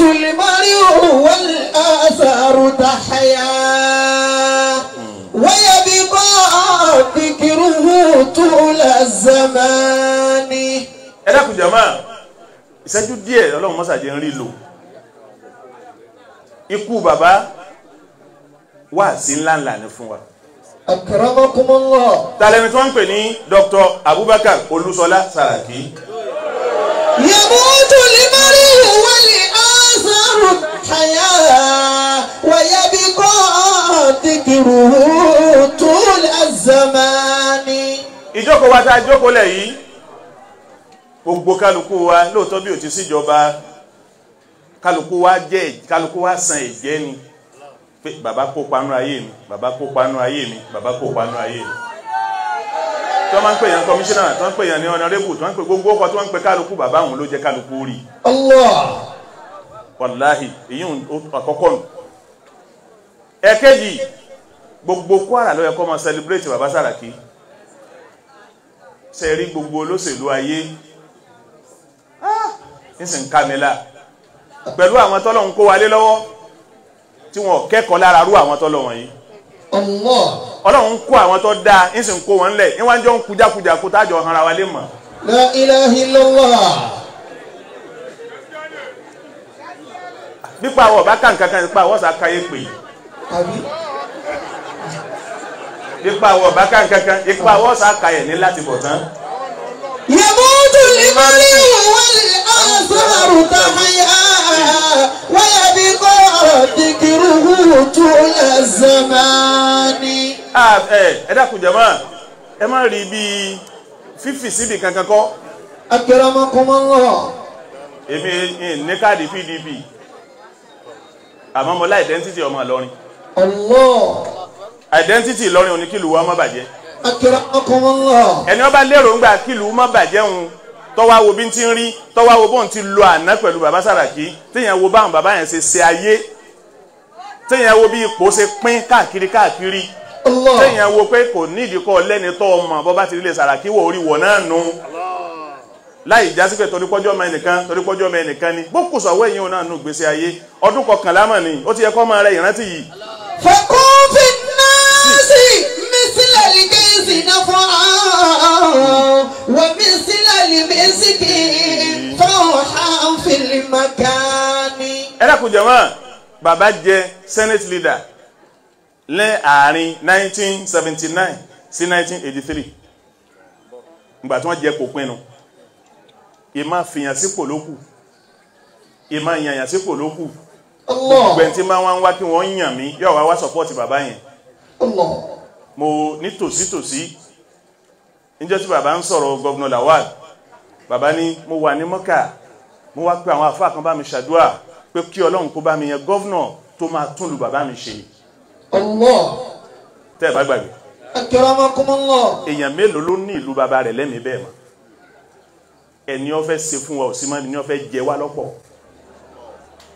الموت المرء والآثار تحيا ويبقى ذكره طول الزمان ẹ جماعة. jàmá ìṣẹ́jú díẹ̀ ọlọ́run mọ́sàdé ń rí lò ikú bàbá wà sí ńláńlá ní fún wa. akramakumullah. tàlẹ́ni tí wọ́n ń pè ní Dr. Abubakar Olúṣọlá Sàràkí. yamutu limari wal تذهب الحياة ويبقى ذكره طول الزمان ìjókòó wa tá a jókòó lẹ̀ yìí gbogbo kálukú wa lóòótọ́ bí ò ti síjọba kálukú wa jẹ́ kálukú wa san ẹ̀jẹ́ ni pé bàbá kó panú ayé mi bàbá kó panú ayé mi bàbá kó panú ayé mi tó máa ń pè yàn kọmíṣánná tó ń pè yàn ní ọ̀nà rébù tó ń pè gbogbo ọkọ̀ tó ń pè kálukú bàbá òun ló jẹ́ kálukú rí. Allah wàláhì èyí àkọ́kọ́ nù ẹ̀kẹ́jì gbogbo Kwara ló yẹ kó máa celebrate bàbá Sàràkí ṣe rí gbogbo olóṣèlú ayé ah, nísìn kàmílà pẹ̀lú àwọn tọ́lọ̀ ń kó wálé lọ́wọ́ tí wọ́n kẹ́kọ̀ọ́ lára rú àwọn tọ́lọ̀ wọ̀nyí ọlọ́run ń kó àwọn tó dáa nísìn kó wọn lẹ̀ níwájọ́ ń kújákújà kó tájọ hanra wa lè mọ̀ La ilaha illallah pípa àwọn ọba kà nǹkan kan nípa àwọn ọ̀sà káyé pè pípa àwọn ọba kà nǹkan kan nípa àwọn ọ̀sà káyé ní láti bọ̀ tán. yàgòtò limari wàlẹ̀ àzọ̀rù tàmáyà wáyà bí kò dìgírù hùtù yà zamani. ẹ dákun jama ẹ má rí bíi fífi síbi kankan kọ. akérèmọkùnmọ́ lọ. èmi ní káàdì PDP àmọ́ mo lá identity ọmọ Ìlọrin. Allah. identity Ìlọrin òní kìlú wa má bàjẹ́. akẹ́rẹ́ akumullah. ẹni wọ́n bá lérò ń gbà kìlú má bàjẹ́ òun tọ́wá wo bí n ti ń rí tọ́wá wo bóun ti lo àná pẹ̀lú bàbá Sàràkí téèyàn wo báwọn bàbá yẹn ṣe ṣe ayé téèyàn wo bí ipò ṣe pín káàkiri káàkiri téèyàn wo pé kò nídìí kọ́ lẹ́ni tó ọmọ bọ́ bá ti rí lè Sàràkí wò orí wọ̀ náà nù. láì jásí pé torípọ́jọ́ ọmọ ẹnìkan torípọ́jọ́ ọmọ ẹnìkan ni bó kù sọ̀wọ́ ẹ̀yìn òun náà nù gbèsè ayé ọdún kọkànlá mọ̀ ni ó ti yẹ kọ́ máa rẹ ìrántí yìí. fọkúnfì nọ́ọ̀sì mísílẹ̀ lè kéésì náà fún àwọn wọ mísílẹ̀ lè mẹ́sìkì ẹ dákun bàbá jẹ senate 1979 sí ìmá fìyàn sípò lókù ìmá yànyàn sípò lókù gbẹ̀ tí máa wá ń wá kí wọ́n yàn mí yóò wá wá sọ́pọ́ọ̀tì bàbá yẹn mo ní tòsítòsí níjọ́ tí bàbá ń sọ̀rọ̀ gọ́vnà Lawal bàbá ní mo wà ní mọ́kà mo wá pé àwọn àfáà kan bá mi ṣàdúà pé kí ọlọ́run kó bá mi yẹn gọ́vnà tó máa tún lu bàbá mi ṣe tẹ́ ẹ̀ bá gbàgbé èèyàn mélòó ló ní ìlú bàbá rẹ̀ lẹ́mìí bẹ́ẹ̀ mọ́ ẹni ó fẹ́ fún wa òsì mọ́ ni ó fẹ́ jẹ wá lọ́pọ̀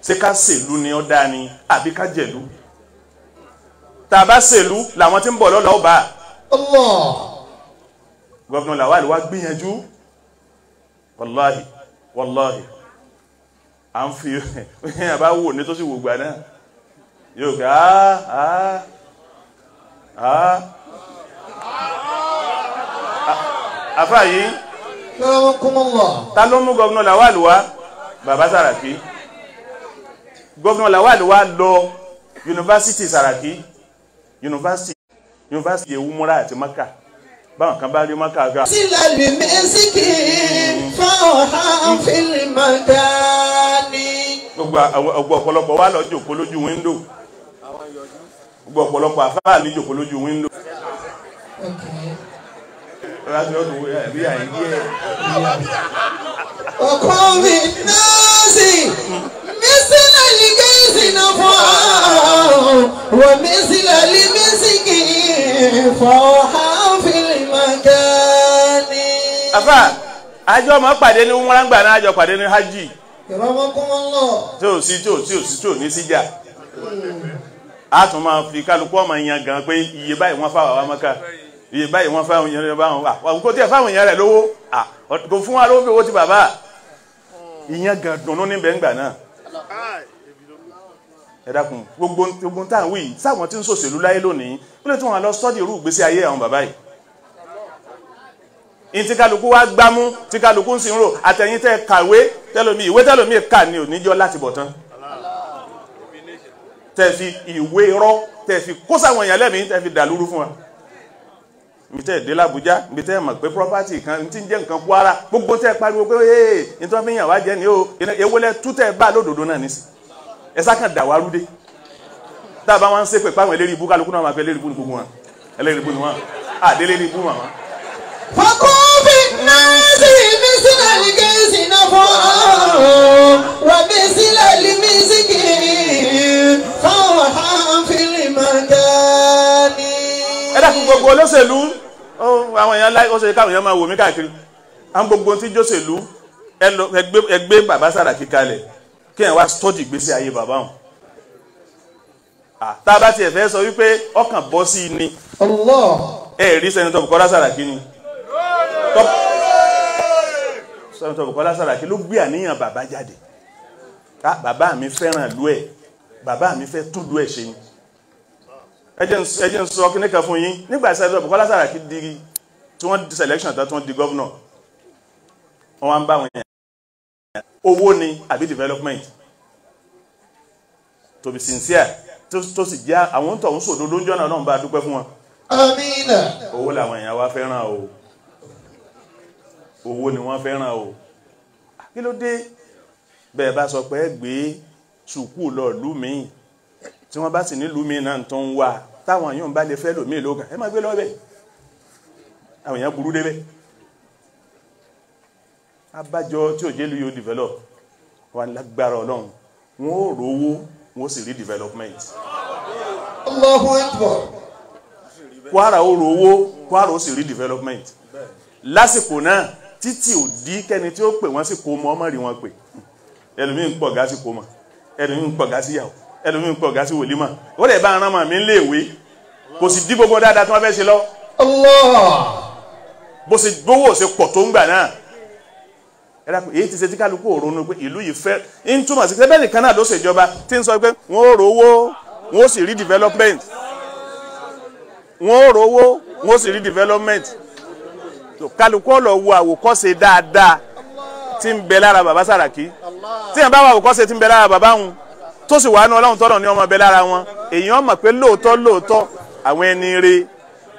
ṣé ká ṣèlú ni ó dáa ni àbí ká jẹ̀lú tá a bá ṣèlú làwọn tí ń bọ̀ lọ́la ó bá gọ́fìnà Lawal wá gbìyànjú wàláhì wàláhì à ń fi ẹ̀yìn àbá wò ní tó sì wògbà náà yóò gbé àá àá àá àfáà yìí ta ló mú gọ́vnà Lawal wá bàbá Sàràkí gọ́vnà Lawal wá lọ yunifásitì Sàràkí yunifásitì yunifásitì ewu múra àti maka báwọn kan bá rí maka ga. sílẹ̀ bí mẹ́sìkì fọ́ọ̀hán fílì màgá ni. gbogbo ọ̀pọ̀lọpọ̀ wà lọ jòkó lójú wíńdò gbogbo ọ̀pọ̀lọpọ̀ àfáà ní jòkó lójú wíńdò láti ọdún wo eh, bí àyè díẹ̀. ọkọ mi misi mísílẹ̀ lè gẹ̀ẹ́sì náà fọ́ wọ mísílẹ̀ lè mísìkì fọ́ háfìlì màkàní. àfà àjọ ọmọ pàdé ní wúnrangba náà àjọ pàdé jo, si jo, kún wọn lọ. tí ò sí tí ò sí tí ò ní síjà iye báyìí wọ́n fà wá wá iye báyìí wọ́n fáwọn èèyàn báwọn wà wà kó tiẹ̀ fáwọn èèyàn rẹ̀ lówó kò fún wa lówó bí owó ti bàbá ìyẹn gan dùnú níbẹ̀ ńgbà náà ẹ dákun gbogbo gbogbo tá à ń wí sáwọn tí ń ṣòṣèlú láyé lónìí wọ́n lè tún wọn lọ sọ́dí irú ìgbésí ayé àwọn bàbá yìí ní tí kálukú gbámú tí kálukú ń sin rò àtẹ̀yìn tẹ́ kàwé tẹ́lómi ìwé tẹ́lómi kà ní oníjọ́ láti bọ̀ tán tẹ́ fi ìwé rọ́ tẹ́ fi kó sáwọn èèyàn lẹ́mìí tẹ́ fi dàlúrú fún wa ibi tẹ́ ẹ̀ dé l'Abuja ibi tẹ́ ẹ̀ mọ̀ pé property kan ti ń jẹ́ nǹkan Kwara gbogbo tẹ́ pariwo pé ee nítorí fi yàn wá jẹ́ ni o ewúlẹ̀ tú tẹ́ bá lódodo náà nísì ẹ sá kàn dàwárú dé tá a bá wọn ń ṣépè páwọn eléyìí ibú kálukú náà máa fẹ́ eléyìí ibú ni gbogbo wọn eléyìí ibú ni wọn àdé eléyìí ibú màmá. fọkúbi náírà mi sílẹ̀ ní kéésì náà fọ́ wà mí sílẹ̀ ní mí sí kiri ẹ dákun gbogbo olóṣèlú àwọn èèyàn láì ó ṣe káwọn èèyàn máa wò mí káàkiri àwọn gbogbo tí jóṣèlú ẹgbẹ́ bàbá Sàràkí kalẹ̀ kí ẹ̀ wá stọ́dì ìgbésí ayé bàbá wọn. tá a bá tiẹ̀ fẹ́ sọ wípé ọkàn bọ́ sí i ni ẹ rí sẹ́nitọ́ Bùkọ́lá Sàràkí ni sẹ́nitọ́ Bùkọ́lá Sàràkí ló gbé àníyàn bàbá jáde ká bàbá mi fẹ́ràn lú ẹ̀ bàbá mi fẹ́ tún lú ẹ̀ ṣe ni ẹ jẹ́ ń sọ kíní kan fún yín nígbà sẹ́nitọ́ Bùkọ́lá Sàràkí di tí wọ́n di selection tán tí wọ́n di gọ́vnọ̀ wọ́n wá ń bá àwọn èèyàn owó ni àbí development to be sincere tó sì jẹ́ àwọn tó ń sòdodo ń jọ́nà náà bá dúpẹ́ fún wọn. amina. owó làwọn èèyàn wa fẹ́ràn o owó ni wọ́n fẹ́ràn o kí ló dé bẹ́ẹ̀ bá sọ pé gbé sùkúù lọ lú mi tí wọ́n bá sì ní lú mi náà tó ń wà táwọn yóò bá lè fẹ́ lòmíì lókàn ẹ má gbé lọ́bẹ̀ẹ́ àwọn èèyàn burú débẹ̀ abájọ tí ò jẹ́ lu yóò develop wà lágbára ọlọ́run wọn ò rówó wọn ò sì rí development. Allahu Akbar. Kwara ó rówó Kwara ó sì rí development lásìkò náà títí ò dí kẹ́ni tí ó pè wọ́n sì kó mọ ọmọ rí wọn pè ẹlòmíì ń pọ̀ gá sí kó mọ ẹlòmíì ń pọ̀ gá sí yàwó ẹlòmíì ń pọ̀ gá sí wòlímọ̀ ó lè bá aràn mọ̀ mí léèwé kò sì dí gbogbo dáadáa tí wọ́n fẹ́ ṣe lọ. Allah bó ṣe gbówó ṣe pọ̀ tó ń gbà náà ẹ dàpọ̀ èyí ti ṣe tí kálukú òrónú pé ìlú yìí fẹ́ ń túmọ̀ sí pé bẹ́ẹ̀ nìkan náà ló ṣèjọba tí ń sọ pé wọ́n ó rówó wọ́n ó sì rí development wọ́n ó rówó wọ́n ó sì rí development kálukú ọ̀lọ́ wo àwòkọ́ṣe dáadáa tí ń bẹ lára bàbá Sàràkí tí yẹn bá wà àwòkọ́ṣe tí ń bẹ lára bàbá wọn tó sì wà á nu ọlọ́run tọ́nà ní ọmọ bẹ lára wọn èèyàn mọ̀ pé lóòótọ́ lóòótọ́ àwọn ẹni rèé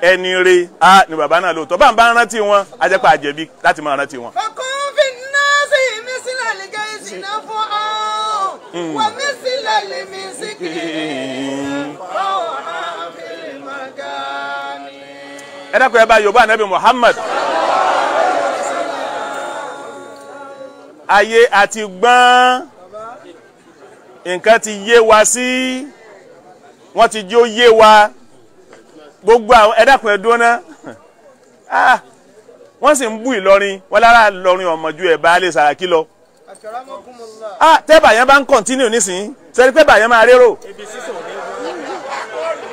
ẹni re a ni bàbá náà lóòótọ́ bá ń bá rántí wọn a jẹ́ pé a láti máa rántí wọn. ọkùnrin náà sì mí sílẹ̀ lè gẹ́ ìsìná fún ọ́n wọ́n mí sílẹ̀ lè mí sí kiri báwo á fi máa ga ni. ẹ dákun ẹ bá yorùbá anabi Muhammad. ayé àti gbọ́n nǹkan ti yé wa sí wọ́n ti jó yé wa gbogbo àwọn ẹ dákun ẹ dúró náà ah, wọ́n sì ń bú Ìlọrin wọ́n lára Ìlọrin ọ̀mọ̀jú ẹ̀ ah, bá lè Sàràkí lọ. tẹ́bà yẹn bá ń kọ̀ntínú nísìnyí sẹ́ni pé bàyẹn máa rérò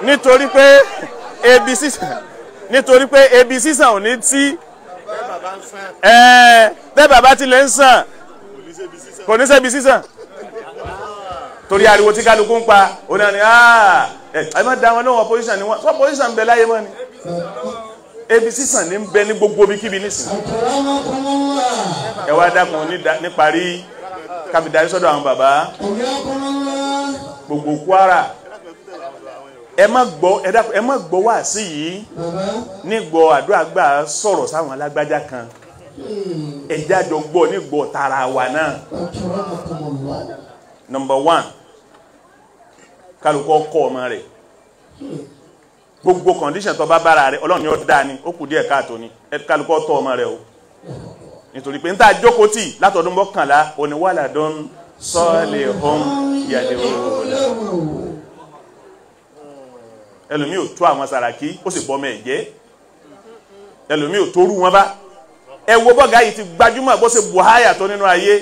nítorí pé ebi sísàn nítorí pé ebi sísàn ò ní tí eh, tẹ́bà bá tilẹ̀ ń sàn kò ní sẹ́bi sísàn torí ariwo tí kálukú ń pa òun náà ni ah, ẹ má da wọn náà wọn position ni wọn sọ position bẹ láyé mọ́ ni ebi sísàn ní ń bẹ ní gbogbo bí kíbi nísìnyí ẹ wá dákun níparí kábi darí sọ́dọ̀ àwọn bàbá gbogbo Kwara ẹ má gbọ́ ẹ dákun ẹ má gbọ́ wá sí yìí nígbọ àdúrà gbà sọ̀rọ̀ sáwọn alágbájá kan ẹ jájọ gbọ́ nígbọ tara wa náà number one kálukọ́ kọ́ ọmọ rẹ̀ gbogbo condition tó bá bára rẹ̀ ọlọ́run ni ó dáa ni ó kù díẹ̀ káàtó ni kálukọ́ tọ́ ọmọ rẹ̀ o nítorí pé ń tà jókòó tì látọdún mọ́kànlá oníwàlà dán sọ́ọ̀lì hom yàdé òwòlá ẹlòmíì ò tó àwọn sàràkí ó sì bọ́mọ ẹ̀ jẹ́ ẹlòmíì ò tó rú wọn bá ẹ wo bọ́gà yìí ti gbajúmọ̀ bó ṣe buhaya tó nínú ayé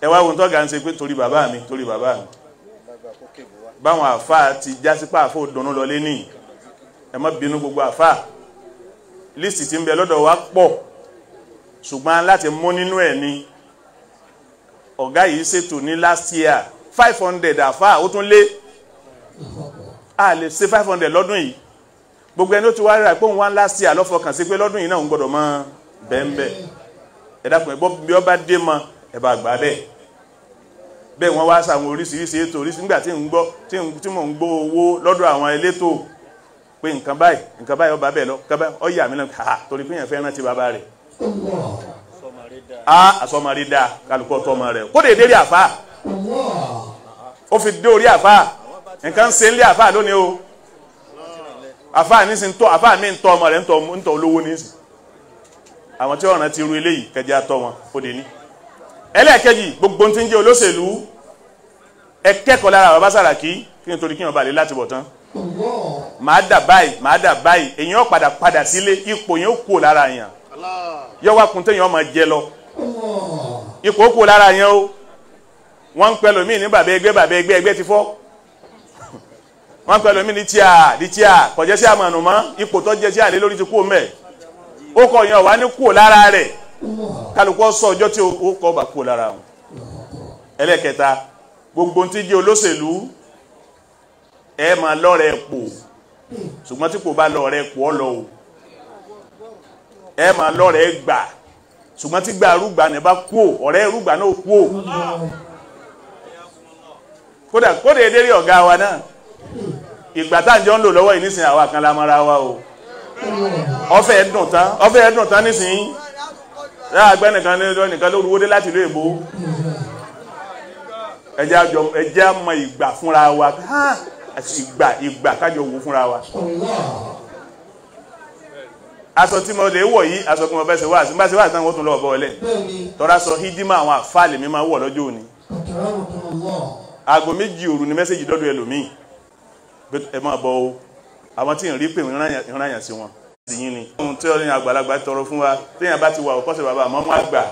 ẹ wá wọn tọ́gà ń ṣe pé torí bàbá mi torí bàbá mi báwọn àfáà ti jásípà àfó dùnú lọlé ní ẹ má bínú gbogbo àfáà lísì tí ń bẹ lọ́dọ̀ wa pọ̀ ṣùgbọ́n láti mú nínú ẹ̀ ni ọ̀gá yìí ṣètò ní last year five hundred àfáà ó tún lé a lè ṣe five hundred lọ́dún yìí gbogbo ẹni ó ti wá rà pé òun wá last year lọ́fọkàn sí pé lọ́dún yìí náà ń gbọ́dọ̀ mọ́ bẹ́ẹ̀ bẹ́ẹ̀ ẹ dákun ẹ bí ọ dé mọ́ ẹ bá gbà bẹ́ẹ̀ bẹ́ẹ̀ wọ́n wá sàwọn oríṣiríṣi ètò oríṣi nígbà tí ń gbọ́ tí mò ń gbọ́ owó lọ́dọ̀ àwọn elétò pé nǹkan báyìí nǹkan báyìí ọba bẹ́ẹ̀ lọ nǹkan báyìí ọ náà ha torí pé yẹn fẹ́ rántí bàbá rẹ̀ a àsọmọrí da kálukọ́ tọmọ rẹ̀ ah, kó dèédé rí àfa ó fi dé orí àfa nǹkan ṣe ń lé àfa lónìí o àfa nísìn tó àfa mi ń tọ ọmọ rẹ̀ ń tọ olówó nísìn àwọn tí ọ̀ràn ti ru eléyìí kẹjá tọ wọn ó dé ní ẹlẹ́ẹ̀kejì gbogbo tí ń jẹ́ olóṣèlú ẹ kẹ́kọ̀ọ́ lára bàbá Sàràkí kí n torí kí n bá lè láti bọ̀ tán máa dà báyìí máa dà báyìí èyàn padà padà sílé ipò yẹn ó kú lára yẹn yọwọ́ akuntẹ́ yẹn ọmọ jẹ lọ ipò ó kú lára yẹn o wọ́n ń pẹ́ lómi ní bàbá ẹgbẹ́ bàbá ẹgbẹ́ ẹgbẹ́ ti fọ́ wọ́n ń pẹ́ lómi ní tíà ní tíà kọjá sí àmọ̀nù ipò tó jẹ sí àlè ti kú mẹ́ ó kọ yẹn wá ní kú lára rẹ̀. kálukú ọsọ ọjọ tí o kọ́ bá kú lára wọn gbogbo tí jẹ́ olóṣèlú ẹ máa lọrẹ pò ṣùgbọ́n tí kò bá pò o ẹ máa lọ́rẹ̀ gbà ṣùgbọ́n tí gbà rúgbà ní bá kú ò rúgbà náà kú wa náà ìgbà tá à ń jọ ń lò wa o tán láàgbẹ́ nìkan ní ọjọ́ nìkan ló rúwó dé láti ilé ìbò ẹjẹ́ mọ ìgbà fúnra wa àti ìgbà ìgbà kájọ wò fúnra wa aṣọ tí mo lè wọ̀ yìí aṣọ tí mo fẹ́ ṣe wá sí bá ṣe wá sí táwọn tó lọ ọ̀bọ̀ ọlẹ́ tọ́ra sọ hídímà àwọn àfáàlì mi máa wọ̀ lọ́jọ́ òní aago méjì òru ni mẹ́sẹ̀jì dọ́dọ̀ ẹlòmíì ẹ máa bọ̀ o àwọn tí ń rí pé ìrànyàn sí wọn tìyín ni. ohun tí ọ̀rìn àgbàlagbà tọrọ fún wa téèyàn bá ti wà òkọ́sẹ̀ bàbá àmọ́ mọ́ àgbà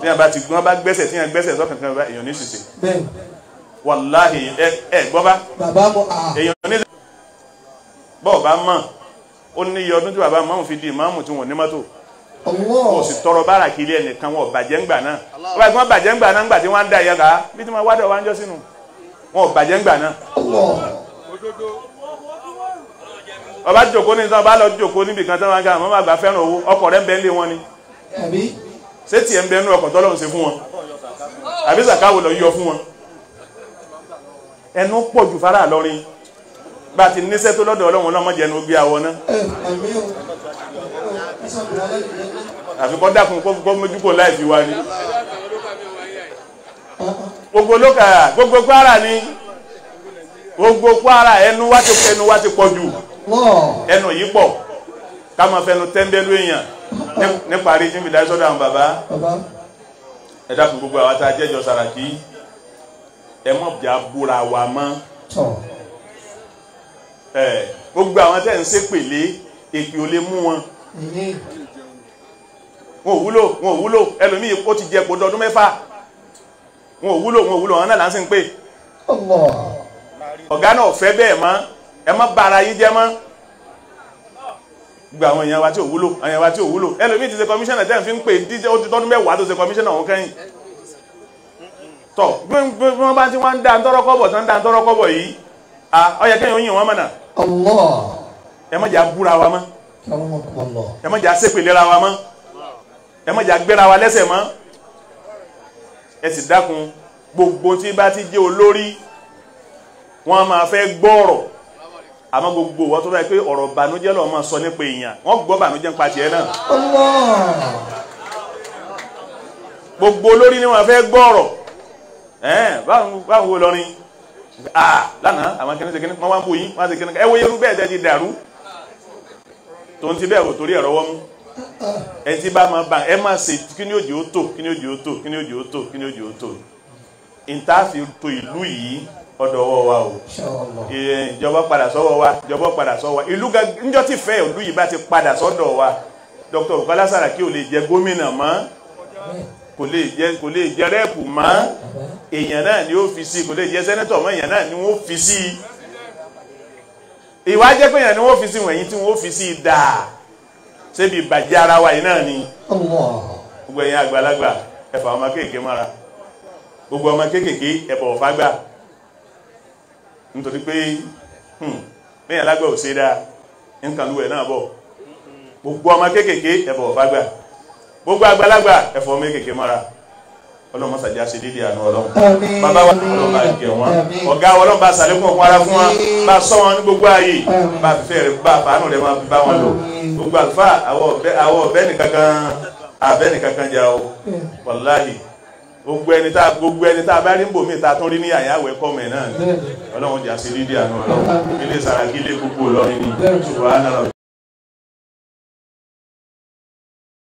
téèyàn bá ti gbọ́n bá gbẹ́sẹ̀ téèyàn gbẹ́sẹ̀ sọ́kàn kan bá èèyàn ní ṣìṣe. wàláhì ẹ ẹ gbọ́ bá èèyàn ní. bọ́ọ̀ bá mọ̀ ó ní iye ọdún tí bàbá máàmù fi di ìmáàmù tí wọ́n ní mọ́tò kò sì tọrọ bára kí ilé ẹnìkan wọn bàjẹ́ ńgbà náà ọba ìgbọ́n bàjẹ́ ńgbà náà ńgbà tí wọ́n á da ìyá ká bí tí wọ́n wádọ̀ wá ń jọ́ sínú wọn bàjẹ́ ńgbà náà ọba jòkó ní ìtàn bá lọ jòkó níbi kan tán máa ga àmọ́ máa gbà fẹ́ràn owó ọkọ̀ rẹ̀ ń bẹ nílé wọn ni ṣé tiẹ̀ ń bẹ nú ọkọ̀ tọ́lọ́run ṣe fún wọn àbí sàkáwò lọ yọ fún wọn ẹnu pọ̀ ju fara lọ́rin bá ti níṣẹ́ tó lọ́dọ̀ ọlọ́run ọlọ́mọdé ẹnu gbé àwọn náà àfikọ́ dákun kó mójú kó láì fi wá ni gbogbo lókàrà gbogbo kwara ni gbogbo kwara ẹnu wá ti pọ̀ jù ẹnu yìí pọ̀ ká máa fẹnu tẹ́ńbẹ́lú èèyàn nípa àríjìn bìlá sọ́dọ̀ àwọn bàbá ẹ dákun gbogbo àwọn tá a jẹ́jọ Sàràkí ẹ mọ̀ bí a búra wa mọ́ gbogbo àwọn tẹ́ ń ṣépèlé èpè ò lè mú wọn wọn ò wúlò wọn ò wúlò ẹlòmíì ó ti jẹ epo dọdún mẹ́fà wọn ò wúlò wọn ò wúlò wọn náà là ń sìn pé ọ̀gá náà fẹ́ bẹ́ẹ̀ mọ́ ẹ má bára yín jẹ́ mọ́ gba àwọn èèyàn wa tí ò wúlò àwọn èèyàn wa tí ò wúlò ẹlòmíì ti ṣe kọmíṣánná tẹ́ ń fi ń pè díjẹ́ ó ti tọ́dún mẹ́wàá tó ṣe kọmíṣánná òun kẹ́yìn tọ bí wọ́n bá ti wá ń da ntọ́rọ́kọ́bọ̀ tó ń da ntọ́rọ́kọ́bọ̀ yìí ó yẹ kẹ́yìn oyin wọn mọ̀nà ẹ má jà búra wa mọ́ ẹ má jà sépèlera wa mọ́ ẹ má jà gbéra wa lẹ́sẹ̀ mọ́ ẹ sì dákun gbogbo tí bá ti jẹ́ olórí wọ́n máa fẹ́ gbọ́ọ̀rọ̀ àmọ́ gbogbo wọ́n tó báyìí pé ọ̀rọ̀ bànújẹ́ lọ́ọ́ máa sọ nípa èèyàn wọ́n gbọ́ bànújẹ́ ń pa tiẹ̀ náà. gbogbo olórí ni wọ́n fẹ́ gbọ́ ọ̀rọ̀ báwo wo lọrin lánàá àwọn kẹ́ni sèkéni wọ́n wá ń bò yín wọ́n á sèkéni ẹ wo irú bẹ́ẹ̀ tẹ́ ti dàrú tó ń ti bẹ́ẹ̀ kò torí ẹ̀rọ wọ́n mú ẹ ti bá máa bá ẹ máa ṣe kí ni òjò tó kí ni òjò tó kí ni òjò tó kí ni òjò tó ìta fi to ìlú yìí ọdọ̀wọ́ wa o ìjọba padà sọ́wọ́ wa ìjọba padà sọ́wọ́ wa ìlú níjọ́ tí fẹ́ ìlú yìí bá ti padà sọ́dọ̀ wa Dr. Bukola Saraki ò lè jẹ gómìnà mọ́ kò lè jẹ kò lè jẹ rẹ́ẹ̀pù mọ́ èèyàn náà ni ó fi sí kò lè jẹ sẹ́nẹ́tọ̀ mọ́ èèyàn náà ni wọ́n fi sí ìwà jẹ́ pé èèyàn ni wọ́n fi sí wọ̀nyí tí wọ́n fi sí dáa ṣébi ìbàjẹ́ ara wa yìí náà ni gbogbo ẹ̀yin àgbàlagbà ẹ̀fà ọmọ kéèké mara gbogbo ọmọ kéèké ẹ̀fà ọ̀fà gbà nítorí pé mẹ́yàn hmm, lágbà ò ṣe dáa nǹkan lúwẹ̀ náà bọ̀ gbogbo ọmọ kéékèèké ẹ̀fọ́ ọ̀fágbà gbogbo àgbàlagbà ẹ̀fọ́ mékèèké mọ́ra ọlọ́mọ sàjá ṣe dédé àánú ọlọ́mọ bàbá wa ọlọ́mọ àjẹ wọn ọ̀gá ọlọ́mọ bá sàlékún ọkùn ara fún wọn bá sọ wọn ní gbogbo ààyè bá fífẹ́ rẹ̀ bá fàánù rẹ̀ máa fi bá wọn lò gbogbo àlùfáà àwọ̀ ọ̀bẹ́ nìkankan àbẹ́ nìkankan jà ó wàláhì gbogbo ẹni tá gbogbo ẹni tá bá rí ń ta tó rí ní àyàwó ẹ̀kọ́ mẹ náà ni Ọlọ́run jà sí lídìí àná Ọlọ́run ilé Sàràkí ilé gbogbo Ìlọrin ni ṣùgbọ́n àná